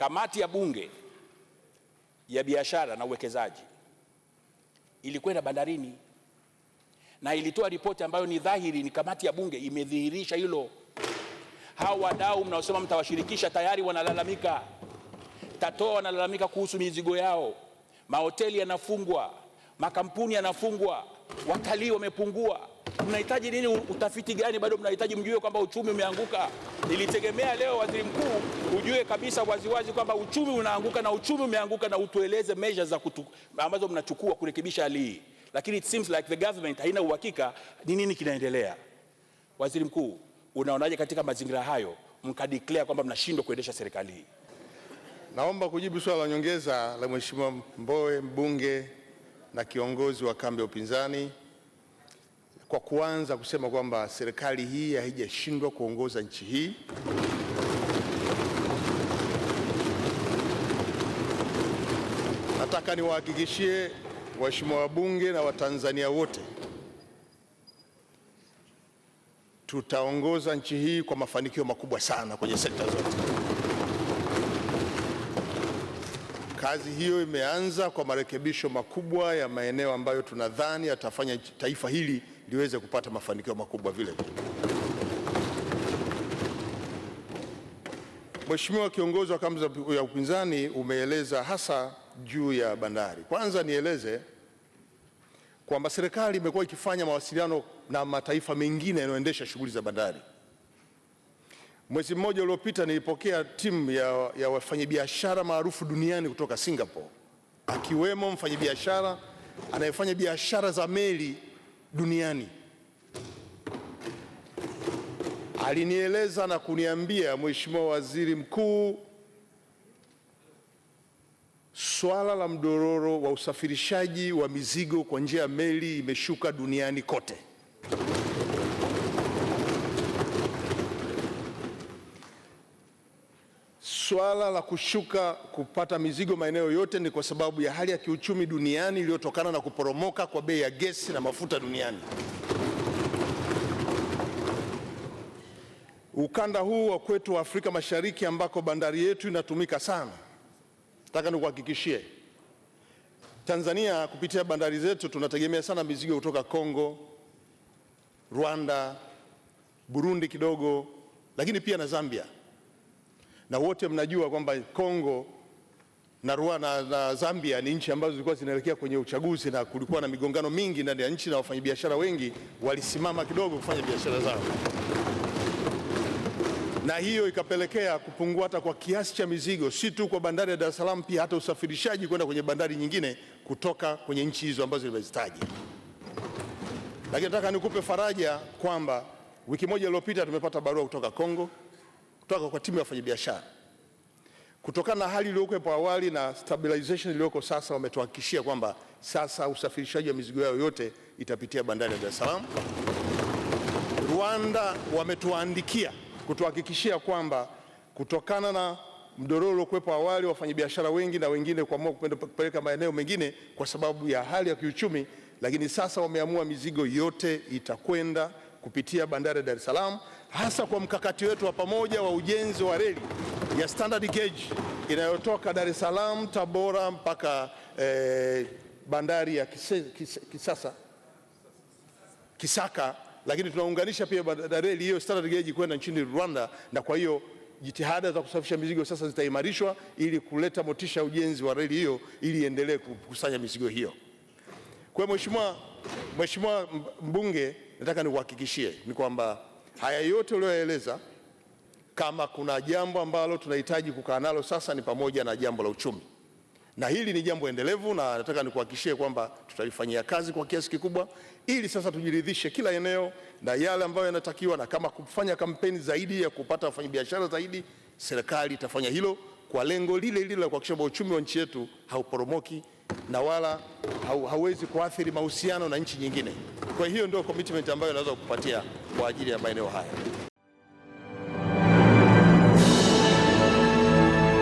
Kamati ya Bunge ya Biashara na Uwekezaji ilikwenda bandarini na ilitoa ripoti ambayo ni dhahiri, ni kamati ya bunge imedhihirisha hilo. Hao wadau mnaosema mtawashirikisha tayari wanalalamika. Tatoa wanalalamika kuhusu mizigo yao, mahoteli yanafungwa, makampuni yanafungwa, watalii wamepungua mnahitaji nini? Utafiti gani bado mnahitaji mjue kwamba uchumi umeanguka? Nilitegemea leo waziri mkuu, ujue kabisa waziwazi kwamba uchumi unaanguka na uchumi umeanguka, na utueleze measures za kutu, ambazo mnachukua kurekebisha hali hii, lakini it seems like the government haina uhakika ni nini kinaendelea. Waziri mkuu, unaonaje katika mazingira hayo mkadeclare kwamba mnashindwa kuendesha serikali hii? Naomba kujibu swala la nyongeza la Mheshimiwa Mbowe, mbunge na kiongozi wa kambi ya upinzani kwa kuanza kusema kwamba serikali hii haijashindwa kuongoza nchi hii. Nataka niwahakikishie waheshimiwa wabunge na Watanzania wote tutaongoza nchi hii kwa mafanikio makubwa sana kwenye sekta zote. Kazi hiyo imeanza kwa marekebisho makubwa ya maeneo ambayo tunadhani yatafanya taifa hili liweze kupata mafanikio makubwa vile vile. Mheshimiwa kiongozi wa kambi ya upinzani, umeeleza hasa juu ya bandari. Kwanza nieleze kwamba serikali imekuwa ikifanya mawasiliano na mataifa mengine yanayoendesha shughuli za bandari. Mwezi mmoja uliopita nilipokea timu ya, ya wafanyabiashara maarufu duniani kutoka Singapore, akiwemo mfanyabiashara anayefanya biashara za meli duniani. Alinieleza na kuniambia, Mheshimiwa Waziri Mkuu, swala la mdororo wa usafirishaji wa mizigo kwa njia ya meli imeshuka duniani kote. Suala la kushuka kupata mizigo maeneo yote ni kwa sababu ya hali ya kiuchumi duniani iliyotokana na kuporomoka kwa bei ya gesi na mafuta duniani. Ukanda huu wa kwetu wa Afrika Mashariki ambako bandari yetu inatumika sana, nataka nikuhakikishie, Tanzania kupitia bandari zetu tunategemea sana mizigo kutoka Kongo, Rwanda, Burundi kidogo, lakini pia na Zambia na wote mnajua kwamba Kongo na Rwanda na Zambia ni nchi ambazo zilikuwa zinaelekea kwenye uchaguzi na kulikuwa na migongano mingi ndani ya nchi na wafanyabiashara wengi walisimama kidogo kufanya biashara zao, na hiyo ikapelekea kupungua hata kwa kiasi cha mizigo, si tu kwa bandari ya Dar es Salaam, pia hata usafirishaji kwenda kwenye bandari nyingine kutoka kwenye nchi hizo ambazo nimezitaja. Lakini nataka nikupe faraja kwamba wiki moja iliyopita tumepata barua kutoka Kongo kutoka kwa timu ya wafanyabiashara. Kutokana na hali iliyokuwepo awali na stabilization iliyoko sasa, wametuhakikishia kwamba sasa usafirishaji wa mizigo yao yote itapitia bandari ya Dar es Salaam. Rwanda wametuandikia kutuhakikishia kwamba kutokana na mdororo uliokuwepo awali, wafanyabiashara wengi na wengine kuamua kupenda kupeleka maeneo mengine kwa sababu ya hali ya kiuchumi, lakini sasa wameamua mizigo yote itakwenda kupitia bandari ya Dar es Salaam hasa kwa mkakati wetu wa pamoja wa ujenzi wa reli ya standard gauge inayotoka Dar es Salaam, Tabora mpaka eh, bandari ya kise, kise, kisasa Kisaka, lakini tunaunganisha pia reli hiyo standard gauge kwenda nchini Rwanda, na kwa hiyo jitihada za kusafisha mizigo sasa zitaimarishwa ili kuleta motisha ujenzi wa reli hiyo ili iendelee kukusanya mizigo hiyo. Kwa Mheshimiwa Mheshimiwa mbunge, nataka nikuhakikishie ni kwamba Haya yote uliyoeleza, kama kuna jambo ambalo tunahitaji kukaa nalo sasa ni pamoja na jambo la uchumi, na hili ni jambo endelevu, na nataka nikuhakikishie kwamba tutalifanyia kazi kwa kiasi kikubwa, ili sasa tujiridhishe kila eneo na yale ambayo yanatakiwa, na kama kufanya kampeni zaidi ya kupata wafanyabiashara zaidi, serikali itafanya hilo kwa lengo lile lile la kuhakikisha kwamba uchumi wa nchi yetu hauporomoki na wala hau, hauwezi kuathiri mahusiano na nchi nyingine. Kwa hiyo ndio commitment ambayo naweza kupatia kwa ajili ya maeneo haya.